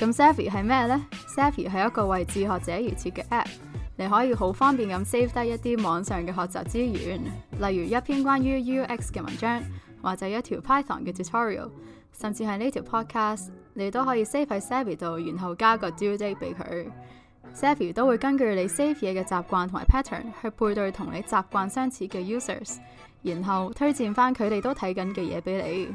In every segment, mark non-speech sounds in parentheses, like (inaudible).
咁 Savvy 係咩呢 Savvy 係一個為自學者而設嘅 App，你可以好方便咁 save 低一啲網上嘅學習資源，例如一篇關於 UX 嘅文章，或者一條 Python 嘅 tutorial，甚至係呢條 podcast，你都可以 save 喺 Savvy 度，然後加個 due date 俾佢。Savvy 都會根據你 save 嘢嘅習慣同埋 pattern 去配對同你習慣相似嘅 users，然後推薦翻佢哋都睇緊嘅嘢俾你。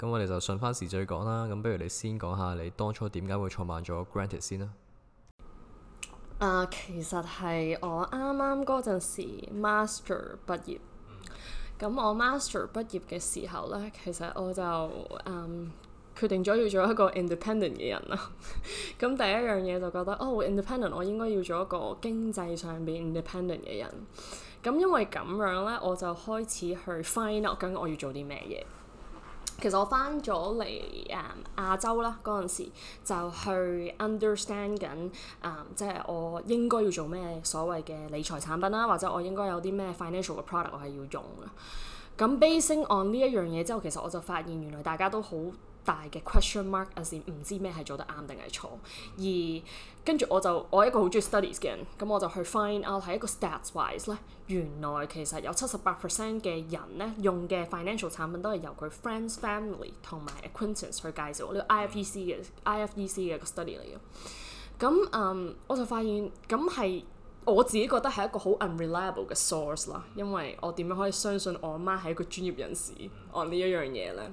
咁我哋就順翻時再講啦。咁不如你先講下你當初點解會創辦咗 Grantit 先啦？啊、呃，其實係我啱啱嗰陣時 master 畢業。咁、嗯、我 master 畢業嘅時候呢，其實我就嗯決定咗要做一個 independent 嘅人啦。咁、 (laughs) 嗯、第一樣嘢就覺得哦，independent 我應該要做一個經濟上邊 independent 嘅人。咁、嗯、因為咁樣呢，我就開始去 find out 究竟我要做啲咩嘢。其實我返咗嚟誒亞洲啦，嗰陣時就去 understand 緊誒，即、嗯、係、就是、我應該要做咩所謂嘅理財產品啦，或者我應該有啲咩 financial 嘅 product 我係要用嘅。咁 based on 呢一樣嘢之後，其實我就發現原來大家都好大嘅 question mark 啊，是唔知咩係做得啱定係錯。而跟住我就我係一個好中意 studies 嘅人，咁我就去 find out 係一個 stats wise 咧，原來其實有七十八 percent 嘅人咧用嘅 financial 產品都係由佢 friends、family 同埋 acquaintance 去介紹。呢個 IFEC 嘅 IFEC 嘅個 study 嚟嘅。咁嗯，我就發現咁係我自己覺得係一個好 unreliable 嘅 source 啦。因為我點樣可以相信我媽係一個專業人士 on 呢一樣嘢咧？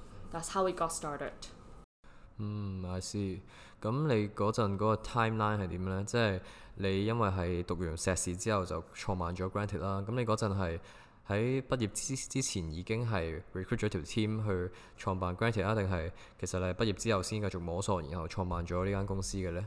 That's how we got started。嗯，阿師，咁你嗰陣嗰個 timeline 係點呢？即係你因為係讀完碩士之後就創辦咗 Grantit 啦。咁你嗰陣係喺畢業之之前已經係 recruit 咗條 team 去創辦 Grantit 啊？定係其實你係畢業之後先繼續摸索，然後創辦咗呢間公司嘅呢？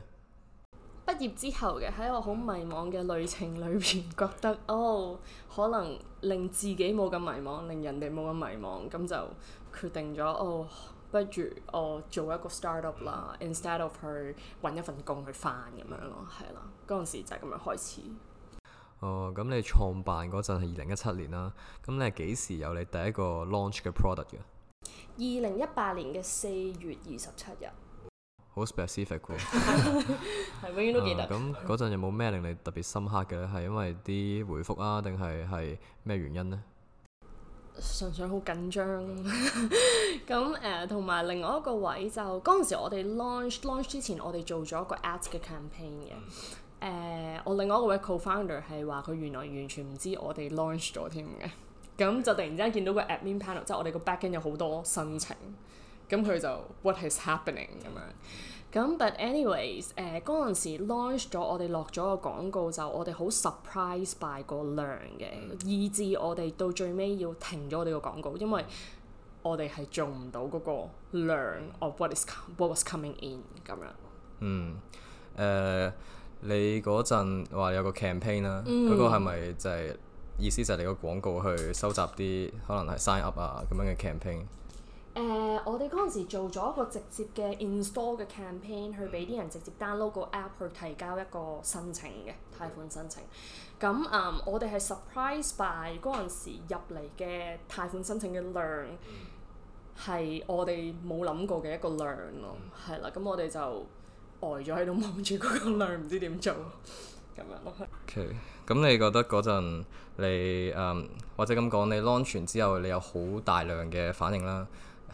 畢業之後嘅喺一個好迷茫嘅旅程裏邊，覺得、嗯、哦，可能令自己冇咁迷茫，令人哋冇咁迷茫，咁就。決定咗哦，不如我做一個 start up 啦、mm hmm.，instead of 去揾一份工去返咁樣咯，係啦。嗰陣時就係咁樣開始。哦，咁你創辦嗰陣係二零一七年啦，咁你係幾時有你第一個 launch 嘅 product 嘅？二零一八年嘅四月二十七日。好 specific 喎，係，永遠都記得。咁嗰陣有冇咩令你特別深刻嘅咧？係 (laughs) 因為啲回覆啊，定係係咩原因呢？純粹好緊張，咁誒同埋另外一個位就嗰陣時我哋 launch launch 之前我哋做咗一個 ad 嘅 campaign 嘅，誒我另外一個位 co-founder 係話佢原來完全唔知我哋 launch 咗添嘅，咁就突然之間見到個 admin panel，即係我哋個 backend 有好多申請，咁佢就 what is happening 咁樣。咁、um，but anyways，誒嗰陣時 launch 咗我哋落咗個廣告，就我哋好 surprise by 個量嘅，以至我哋到最尾要停咗我哋個廣告，因為我哋係做唔到嗰個量 of what is what was coming in 咁樣。嗯。誒、呃，你嗰陣話有個 campaign 啦、mm. 就是，嗰個係咪就係意思就係你個廣告去收集啲可能係 sign up 啊咁樣嘅 campaign？誒、呃，我哋嗰陣時做咗一個直接嘅 install 嘅 campaign，去俾啲人直接 download 個 app 去提交一個申請嘅貸款申請。咁嗯，我哋係 surprise by 嗰陣時入嚟嘅貸款申請嘅量係我哋冇諗過嘅一個量咯，係啦、嗯。咁我哋就呆咗喺度望住嗰個量，唔知點做咁樣咯。OK，咁你覺得嗰陣你、嗯、或者咁講，你 launch 完、er、之後你有好大量嘅反應啦。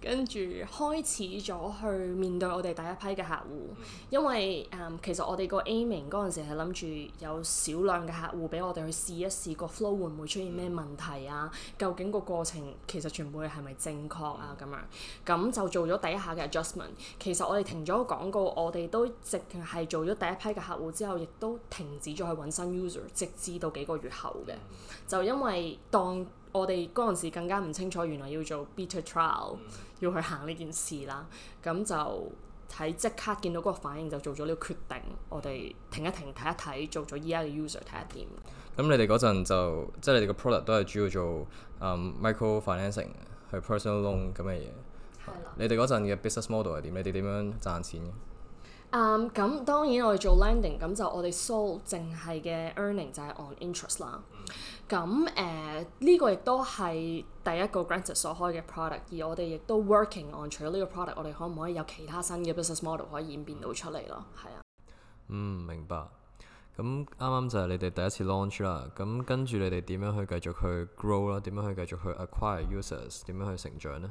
跟住開始咗去面對我哋第一批嘅客戶，因為誒、嗯、其實我哋個 aiming 陣時係諗住有少量嘅客戶俾我哋去試一試、嗯、個 flow 會唔會出現咩問題啊？究竟個過程其實全部係咪正確啊？咁樣咁就做咗第一下嘅 adjustment。其實我哋停咗個廣告，我哋都直係做咗第一批嘅客戶之後，亦都停止咗去揾新 user，直至到幾個月後嘅，就因為當。我哋嗰陣時更加唔清楚，原來要做 beta trial、嗯、要去行呢件事啦。咁就睇即刻見到嗰個反應，就做咗呢個決定。我哋停一停，睇一睇，做咗依家嘅 user 睇下點。咁、嗯、你哋嗰陣就即係你哋個 product 都係主要做 micro financing 去 personal loan 咁嘅嘢。你哋嗰陣嘅 business model 係點？你哋點樣賺錢嘅？嗯、咁、嗯嗯、當然我哋做 lending，咁就我哋 sole 淨係嘅 earning 就係 on interest 啦。咁誒呢個亦都係第一個 Grantit 所開嘅 product，而我哋亦都 working on。除咗呢個 product，我哋可唔可以有其他新嘅 business model 可以演變到出嚟咯？係啊。嗯，明白。咁啱啱就係你哋第一次 launch 啦。咁跟住你哋點樣去繼續去 grow 啦？點樣去繼續去 acquire users？點樣去成長呢？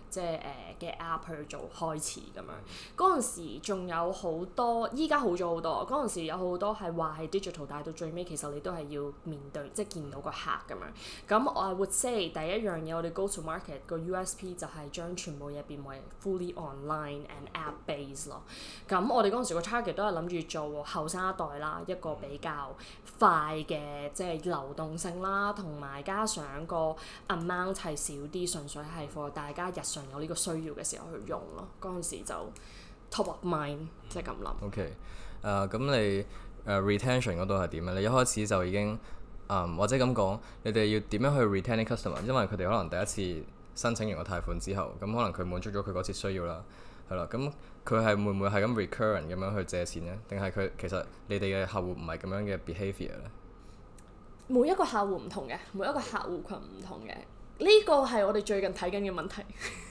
即係誒嘅 app 去做開始咁樣，陣時仲有好多，依家好咗好多。陣時有好多係話係 digital，但到最尾其實你都係要面對，即係見到個客咁樣，咁我 I would say 第一樣嘢，我哋 go to market 個 USP 就係將全部嘢變為 fully online and app base 咯。咁我哋陣時個 target 都係諗住做後生一代啦，一個比較快嘅即係流動性啦，同埋加上個 amount 係少啲，純粹係 for 大家日常。有呢個需要嘅時候去用咯，嗰陣時就 top of mind 即係咁諗。OK. 誒咁你誒、uh, retention 嗰度係點咧？你一開始就已經誒、嗯、或者咁講，你哋要點樣去 retaining customer？因為佢哋可能第一次申請完個貸款之後，咁可能佢滿足咗佢嗰次需要啦，係啦。咁佢係會唔會係咁 recurring 咁樣去借錢呢？定係佢其實你哋嘅客戶唔係咁樣嘅 behaviour 咧？每一個客戶唔同嘅，每一個客戶群唔同嘅，呢個係我哋最近睇緊嘅問題。 (laughs)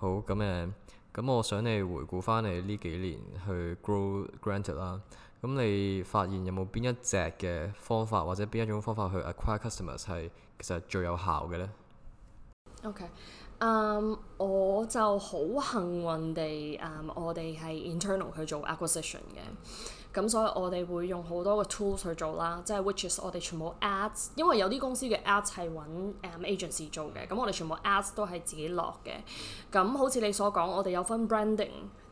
好咁誒，咁、嗯嗯、我想你回顧返你呢幾年去 grow Grantit 啦，咁、嗯、你發現有冇邊一隻嘅方法或者邊一種方法去 acquire customers 係其實最有效嘅呢？OK，um, 我就好幸運地，um, 我哋係 internal 去做 acquisition 嘅。咁所以我哋會用好多個 tools 去做啦，即係 which is 我哋全部 ads，因為有啲公司嘅 ads 係揾、um, agency 做嘅，咁我哋全部 ads 都係自己落嘅。咁好似你所講，我哋有分 branding。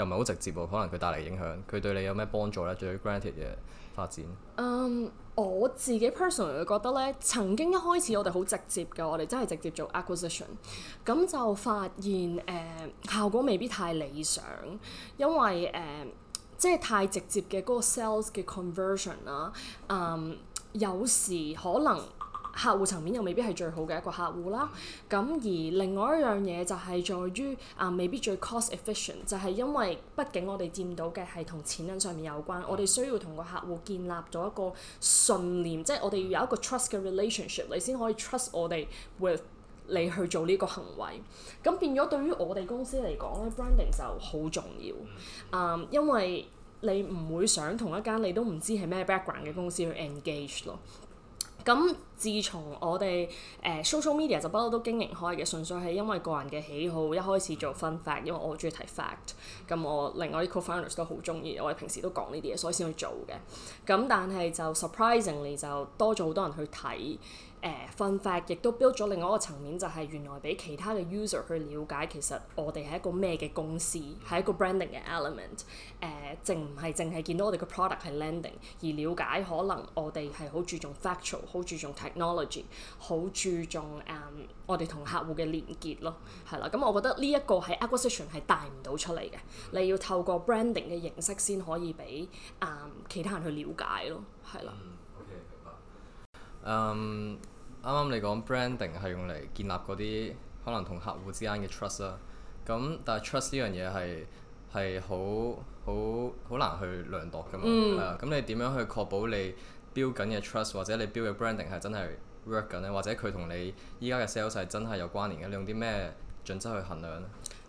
又唔係好直接喎，可能佢帶嚟影響，佢對你有咩幫助咧？對於 Grantit 嘅發展，嗯，我自己 personally 會覺得咧，曾經一開始我哋好直接嘅，我哋真係直接做 acquisition，咁就發現誒、呃、效果未必太理想，因為誒、呃、即係太直接嘅個 sales 嘅 conversion 啦、呃，嗯，有時可能。客戶層面又未必係最好嘅一個客戶啦，咁而另外一樣嘢就係在於啊，未必最 cost efficient，就係因為畢竟我哋佔到嘅係同錢銀上面有關，我哋需要同個客戶建立咗一個信念，即係我哋要有一個 trust 嘅 relationship，你先可以 trust 我哋 with 你去做呢個行為。咁變咗對於我哋公司嚟講咧，branding 就好重要啊，因為你唔會想同一間你都唔知係咩 background 嘅公司去 engage 咯。咁自從我哋 social media 就不嬲都經營開嘅，純粹係因為個人嘅喜好。一開始做 fun fact，因為我好中意睇 fact。咁我另外啲 co-founders 都好中意，我哋平時都講呢啲嘢，所以先去做嘅。咁但係就 surprisingly 就多咗好多人去睇。誒 fun fact 亦都 build 咗另外一個層面，就係、是、原來俾其他嘅 user 去了解，其實我哋係一個咩嘅公司，係一個 branding 嘅 element。誒、uh,，淨唔係淨係見到我哋嘅 product 係 landing，而了解可能我哋係好注重 factual，好注重 technology，好注重誒、um, 我哋同客戶嘅連結咯，係啦。咁、嗯、我覺得呢一個喺 acquisition 係帶唔到出嚟嘅，你要透過 branding 嘅形式先可以俾、um, 其他人去了解咯，係啦。啱啱、um, 你講 branding 係用嚟建立嗰啲可能同客戶之間嘅 trust 啦，咁但係 trust 呢樣嘢係係好好好難去量度㗎嘛，咁、嗯、你點樣去確保你標緊嘅 trust 或者你標嘅 branding 係真係 work 緊呢？或者佢同你依家嘅 sales 係真係有關聯嘅？你用啲咩準則去衡量呢？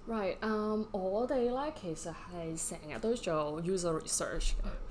Right、um, 我哋咧其實係成日都做 user research 嘅、嗯。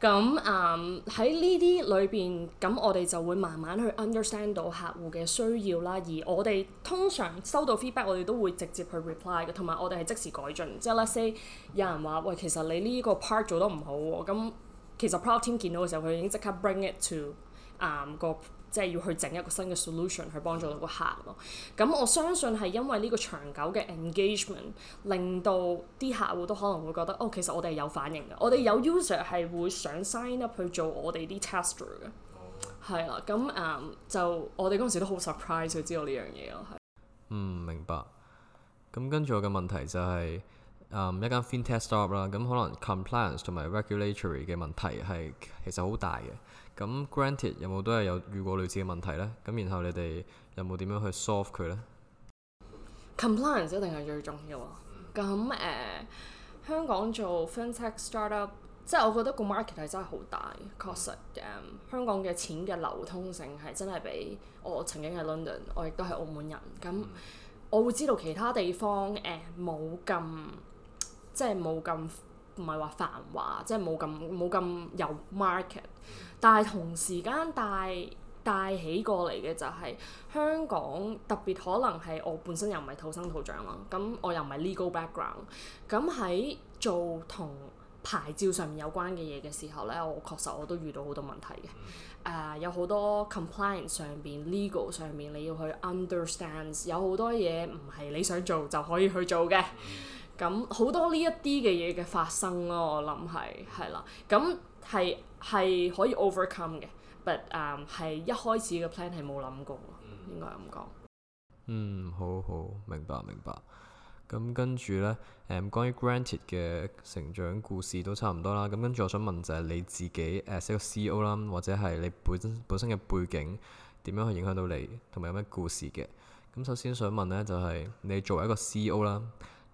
咁啊喺呢啲裏邊，咁、嗯嗯、我哋就會慢慢去 understand 到客戶嘅需要啦。而我哋通常收到 feedback，我哋都會直接去 reply 嘅，同埋我哋係即時改進。即係 let's say 有人話喂，其實你呢個 part 做得唔好喎。哦、咁、嗯、其實 product team 見到嘅時候，佢已經即刻 bring it to 啊、嗯、個。即係要去整一個新嘅 solution 去幫助到個客咯。咁我相信係因為呢個長久嘅 engagement，令到啲客戶都可能會覺得哦，其實我哋係有反應嘅。我哋有 user 係會想 sign up 去做我哋啲 tester 嘅。係啦，咁誒、嗯、就我哋嗰陣時都好 surprise 佢知道呢樣嘢咯。嗯，明白。咁跟住我嘅問題就係、是嗯、一間 FinTech startup 啦。咁可能 compliance 同埋 regulatory 嘅問題係其實好大嘅。咁 Grantit 有冇都係有遇過類似嘅問題呢？咁然後你哋有冇點樣去 solve 佢呢？Compliance 一定係最重要。啊。咁、呃、誒，香港做 fintech startup，即係我覺得個 market 係真係好大，確實嘅、嗯。香港嘅錢嘅流通性係真係比我曾經喺 London，我亦都係澳門人。咁我會知道其他地方誒冇咁，即係冇咁。唔係話繁華，即係冇咁冇咁有 market，但係同時間帶帶起過嚟嘅就係香港，特別可能係我本身又唔係土生土長咯，咁我又唔係 legal background，咁喺做同牌照上面有關嘅嘢嘅時候呢，我確實我都遇到好多問題嘅，誒、uh, 有好多 compliance 上面 legal 上面你要去 understand，有好多嘢唔係你想做就可以去做嘅。咁好多呢一啲嘅嘢嘅發生咯、啊，我諗係係啦，咁係係可以 overcome 嘅，但係係一開始嘅 plan 係冇諗過，嗯、應該咁講。嗯，好好明白明白。咁跟住呢，誒、嗯、關於 Grantit 嘅成長故事都差唔多啦。咁跟住我想問就係你自己誒，做個 CEO 啦，或者係你本身本身嘅背景點樣去影響到你，同埋有咩故事嘅？咁首先想問呢，就係、是、你作為一個 CEO 啦。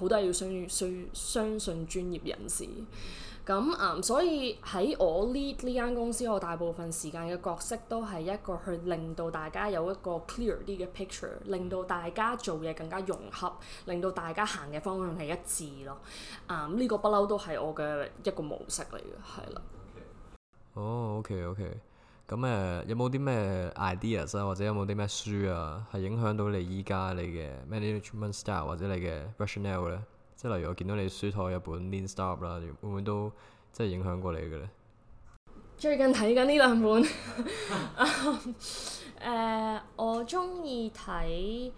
好都係要相信專業人士，咁啊、嗯，所以喺我呢呢間公司，我大部分時間嘅角色都係一個去令到大家有一個 clear 啲嘅 picture，令到大家做嘢更加融洽，令到大家行嘅方向係一致咯。啊、嗯，呢、這個不嬲都係我嘅一個模式嚟嘅，係啦。哦，OK，OK。咁誒、嗯、有冇啲咩 ideas 啊？或者有冇啲咩書啊？係影響到你依家你嘅 management style 或者你嘅 rationale 咧？即係例如我見到你書枱有本 Lean Startup 啦，會唔會都即係影響過你嘅咧？最近睇緊呢兩本。誒，我中意睇，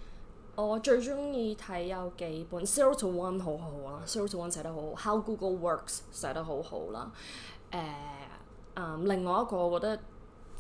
我最中意睇有幾本 Zero to One 好好啊，Zero to One 寫得好好，How Google Works 寫得好好、啊、啦。誒、呃呃，另外一個我覺得。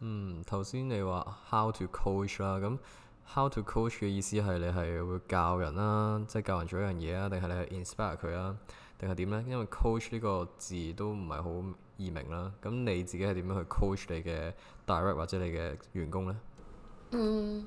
嗯，頭先你話 how to coach 啦，咁 how to coach 嘅意思係你係會教人啦，即係教人做一樣嘢啊，定係你係 inspire 佢啊，定係點咧？因為 coach 呢個字都唔係好易明啦。咁你自己係點樣去 coach 你嘅 director 或者你嘅員工咧？嗯。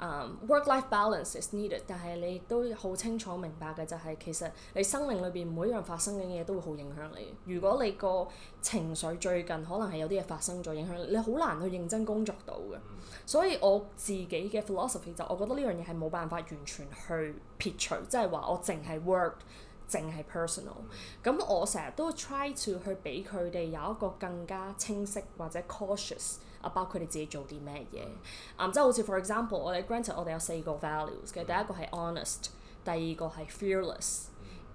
Um, work-life balance is needed，但係你都好清楚明白嘅就係，其實你生命裏邊每一樣發生嘅嘢都會好影響你。如果你個情緒最近可能係有啲嘢發生咗影響你，你好難去認真工作到嘅。所以我自己嘅 philosophy 就我覺得呢樣嘢係冇辦法完全去撇除，即係話我淨係 work，淨係 personal。咁我成日都 try to 去俾佢哋有一個更加清晰或者 cautious。啊，包括你自己做啲咩嘢啊，即係好似 for example，我哋 g r a n t e d 我哋有四個 values 嘅。第一個係 honest，第二個係 fearless，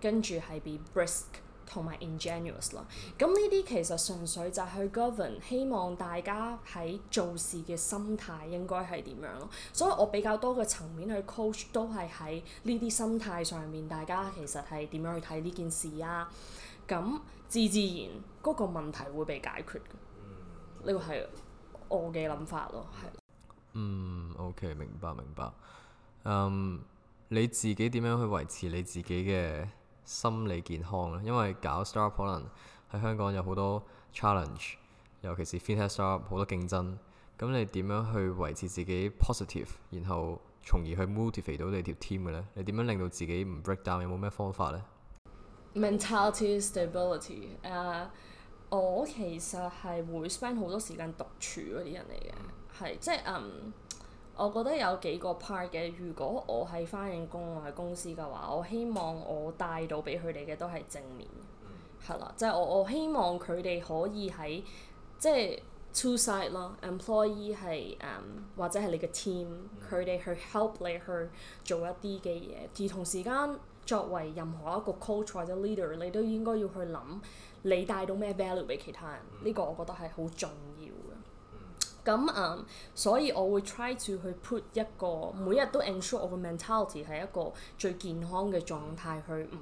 跟住係 be brisk 同埋 ingenuous 啦。咁呢啲其實純粹就係 govern，希望大家喺做事嘅心態應該係點樣咯。所以我比較多嘅層面去 coach 都係喺呢啲心態上面，大家其實係點樣去睇呢件事啊？咁自自然嗰、那個問題會被解決呢個係。我嘅諗法咯，係。嗯，OK，明白明白。嗯，你自己點樣去維持你自己嘅心理健康呢？因為搞 startup 可能喺香港有好多 challenge，尤其是 FinTech startup 好多競爭。咁你點樣去維持自己 positive，然後從而去 motivate 到你條 team 嘅呢？你點樣令到自己唔 break down？有冇咩方法呢？Mentality stability，啊。我其實係會 spend 好多時間獨處嗰啲人嚟嘅，係即係嗯，um, 我覺得有幾個 part 嘅。如果我係翻緊工，我喺公司嘅話，我希望我帶到俾佢哋嘅都係正面，係啦、嗯，即係我我希望佢哋可以喺即係 two side 咯，employee 係嗯、um, 或者係你嘅 team，佢哋去 help 你去做一啲嘅嘢。而同時間作為任何一個 coach 或者 leader，你都應該要去諗。你帶到咩 value 俾其他人？呢、嗯、個我覺得係好重要嘅。咁啊、嗯，um, 所以我會 try to 去 put 一個、嗯、每日都 ensure 我個 mentality 係一個最健康嘅狀態去唔、嗯、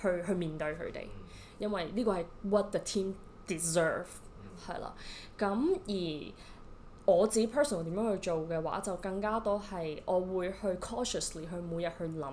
去去面對佢哋，嗯、因為呢個係 what the team deserve 係啦、嗯。咁而我自己 personally 點樣去做嘅話，就更加多係我會去 cautiously 去每日去諗。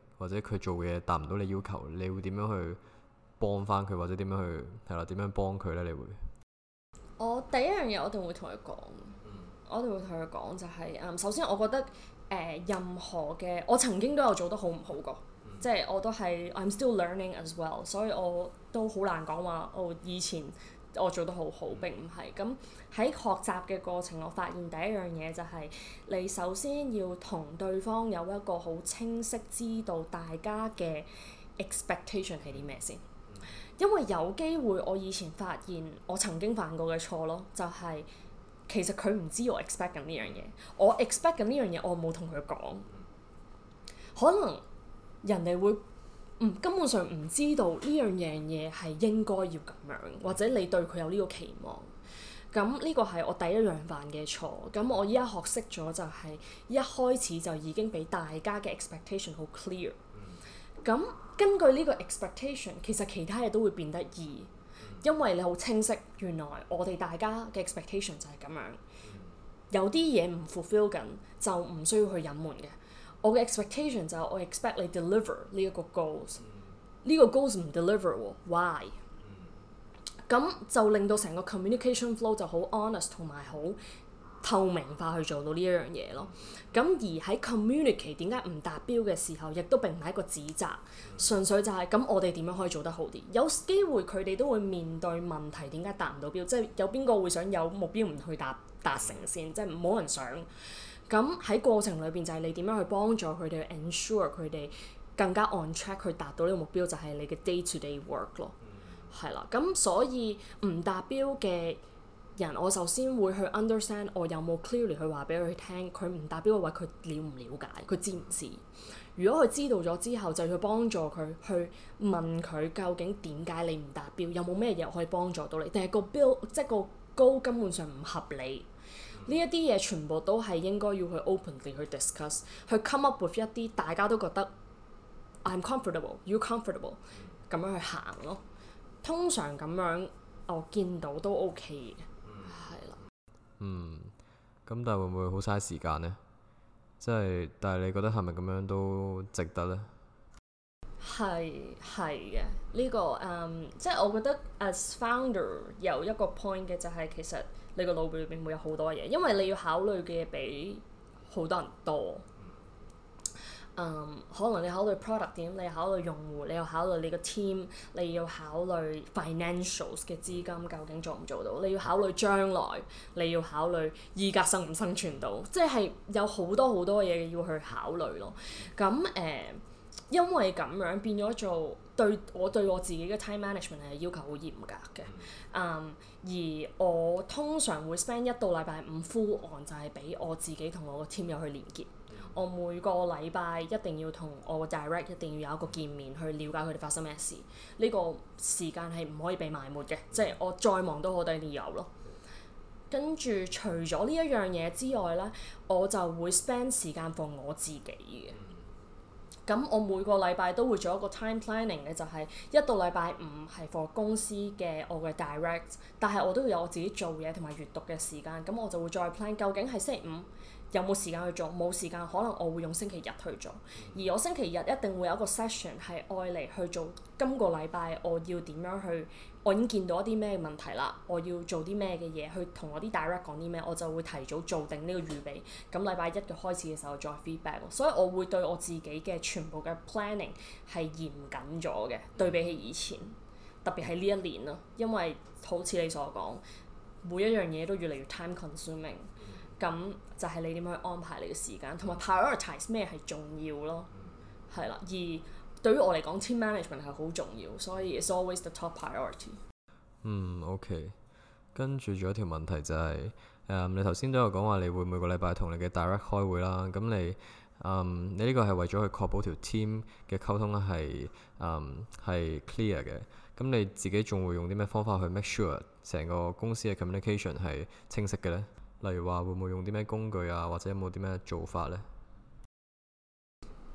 或者佢做嘅嘢達唔到你要求，你會點樣去幫翻佢，或者點樣去係啦？點樣幫佢呢？你會？我第一樣嘢我一定會同佢講，嗯、我一定會同佢講就係，嗯，首先我覺得誒、呃、任何嘅我曾經都有做得好唔好過，即係、嗯、我都係 I'm still learning as well，所以我都好難講話我以前。我做得好好並唔係，咁喺學習嘅過程，我發現第一樣嘢就係你首先要同對方有一個好清晰知道大家嘅 expectation 係啲咩先。因為有機會我以前發現我曾經犯過嘅錯咯，就係其實佢唔知我 expect 緊呢樣嘢，我 expect 緊呢樣嘢，我冇同佢講，可能人哋會。根本上唔知道呢樣嘢係應該要咁樣，或者你對佢有呢個期望。咁呢個係我第一樣犯嘅錯。咁我依家學識咗就係一開始就已經俾大家嘅 expectation 好 clear。咁根據呢個 expectation，其實其他嘢都會變得易，因為你好清晰，原來我哋大家嘅 expectation 就係咁樣。有啲嘢唔 fulfill 緊，就唔需要去隱瞞嘅。我嘅 expectation 就係我 expect 你 deliver 呢一個 goals，呢個 goals 唔 deliver 喎，why？咁就令到成個 communication flow 就好 honest 同埋好透明化去做到呢一樣嘢咯。咁而喺 communicate 點解唔達標嘅時候，亦都並唔係一個指責，純粹就係咁我哋點樣可以做得好啲？有機會佢哋都會面對問題，點解達唔到標？即係有邊個會想有目標唔去達達成先？即係冇人想。咁喺過程裏邊就係你點樣去幫助佢哋 ensure 佢哋更加 on track 去達到呢個目標，就係、是、你嘅 day to day work 咯，係啦、mm。咁所以唔達標嘅人，我首先會去 understand 我有冇 clearly 去話俾佢聽，佢唔達標嘅話佢了唔了解，佢知唔知？如果佢知道咗之後，就要幫助佢去問佢究竟點解你唔達標，有冇咩嘢可以幫助到你？定係個標即係個 goal 根本上唔合理。呢一啲嘢全部都係應該要去 openly 去 discuss，去 come up with 一啲大家都覺得 I'm comfortable，you comfortable，咁樣去行咯。通常咁樣我見到都 OK 嘅，係啦。嗯，咁但係會唔會好嘥時間呢？即係但係你覺得係咪咁樣都值得呢？係係嘅，呢個嗯，um, 即係我覺得 as founder 有一個 point 嘅就係其實。你個腦裏邊會有好多嘢，因為你要考慮嘅比好多人多，嗯，可能你考慮 product 點，你考慮用戶，你又考慮你個 team，你要考慮 financials 嘅資金究竟做唔做到，你要考慮將來，你要考慮依家生唔生存到，即係有好多好多嘢要去考慮咯。咁誒。Uh, 因為咁樣變咗做對我對我自己嘅 time management 係要求好嚴格嘅。嗯，嗯，而我通常會 spend 一到禮拜五 full on 就係俾我自己同我個 team 有去連結。嗯、我每個禮拜一定要同我個 direct 一定要有一個見面去了解佢哋發生咩事。呢、呢個時間係唔可以被埋沒嘅，即、就、係、是、我再忙都好抵要有多理由咯。跟住除咗呢一樣嘢之外呢，我就會 spend 時間放我自己嘅。咁我每個禮拜都會做一個 time planning 咧，就係一到禮拜五係 for 公司嘅我嘅 direct，但係我都要有我自己做嘢同埋閲讀嘅時間。咁我就會再 plan，究竟係星期五有冇時間去做？冇時間，可能我會用星期日去做。而我星期日一定會有一個 session 係愛嚟去做今個禮拜我要點樣去。我已經見到一啲咩問題啦，我要做啲咩嘅嘢去同我啲 director 講啲咩，我就會提早做定呢個預備。咁禮拜一嘅開始嘅時候再 feedback，所以我會對我自己嘅全部嘅 planning 係嚴謹咗嘅，對比起以前，特別係呢一年咯，因為好似你所講，每一樣嘢都越嚟越 time consuming，咁就係你點樣去安排你嘅時間，同埋 prioritize 咩係重要咯，係啦，而。對於我嚟講，team management 係好重要，所以 it's always the top priority 嗯。嗯，OK。跟住仲有一條問題就係，誒、嗯，你頭先都有講話，你會每個禮拜同你嘅 direct 開會啦。咁你，嗯，你呢個係為咗去確保條 team 嘅溝通咧係、嗯、係 clear 嘅。咁你自己仲會用啲咩方法去 make sure 成個公司嘅 communication 係清晰嘅呢？例如話會唔會用啲咩工具啊，或者有冇啲咩做法呢？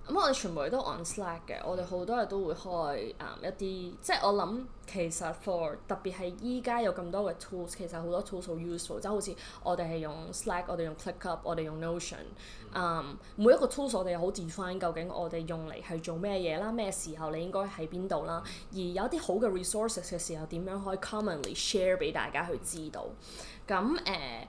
咁、嗯、我哋全部都 on Slack 嘅，我哋好多日都會開誒、嗯、一啲，即係我諗其實 for 特別係依家有咁多嘅 tools，其實好多 tools 好 useful，即係好似我哋係用 Slack，我哋用 ClickUp，我哋用 Notion，、嗯 um, 每一個 tools 我哋好 define 究竟我哋用嚟係做咩嘢啦，咩時候你應該喺邊度啦，而有啲好嘅 resources 嘅時候點樣可以 commonly share 俾大家去知道，咁誒。呃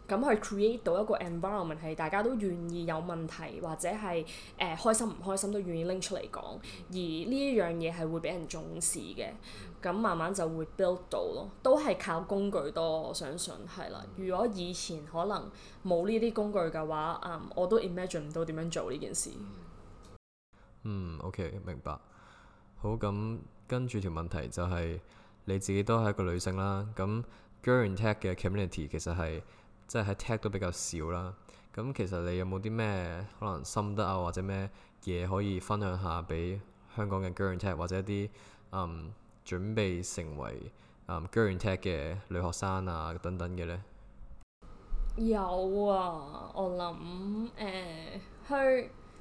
咁去 create 到一個 environment 係大家都願意有問題，或者係誒、呃、開心唔開心都願意拎出嚟講。而呢一樣嘢係會俾人重視嘅，咁慢慢就會 build 到咯。都係靠工具多，我相信係啦。如果以前可能冇呢啲工具嘅話，嗯，我都 imagine 唔到點樣做呢件事。嗯，OK，明白。好，咁，跟住條問題就係、是、你自己都係一個女性啦。咁 Girls in Tech 嘅 community 其實係～即係喺 Tech 都比較少啦，咁其實你有冇啲咩可能心得啊，或者咩嘢可以分享下俾香港嘅 Girls in Tech 或者一啲嗯準備成為 Girls in Tech 嘅女學生啊等等嘅呢？有啊，我諗誒去。呃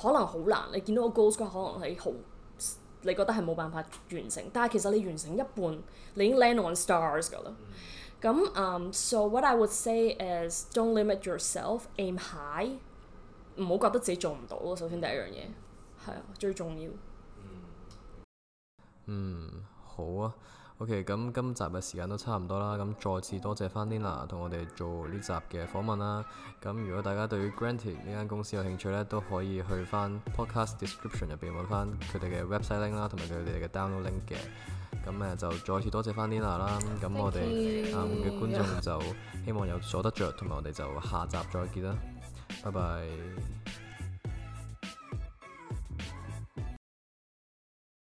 可能好難，你見到個 goal score 可能係好，你覺得係冇辦法完成。但係其實你完成一半，你已經 land on stars 㗎啦。咁，嗯，so what I would say is，don't limit yourself，aim high，唔好覺得自己做唔到咯。首先第一樣嘢係啊，最重要。嗯，好啊。OK，咁今集嘅時間都差唔多啦，咁再次多謝翻 Lina 同我哋做呢集嘅訪問啦。咁如果大家對於 Grantit 呢間公司有興趣呢，都可以去翻 Podcast description 入邊揾翻佢哋嘅 website link 啦，同埋佢哋嘅 download link 嘅。咁誒就再次多謝翻 Lina 啦。咁我哋啱嘅觀眾就希望有所得着，同埋我哋就下集再見啦。拜拜。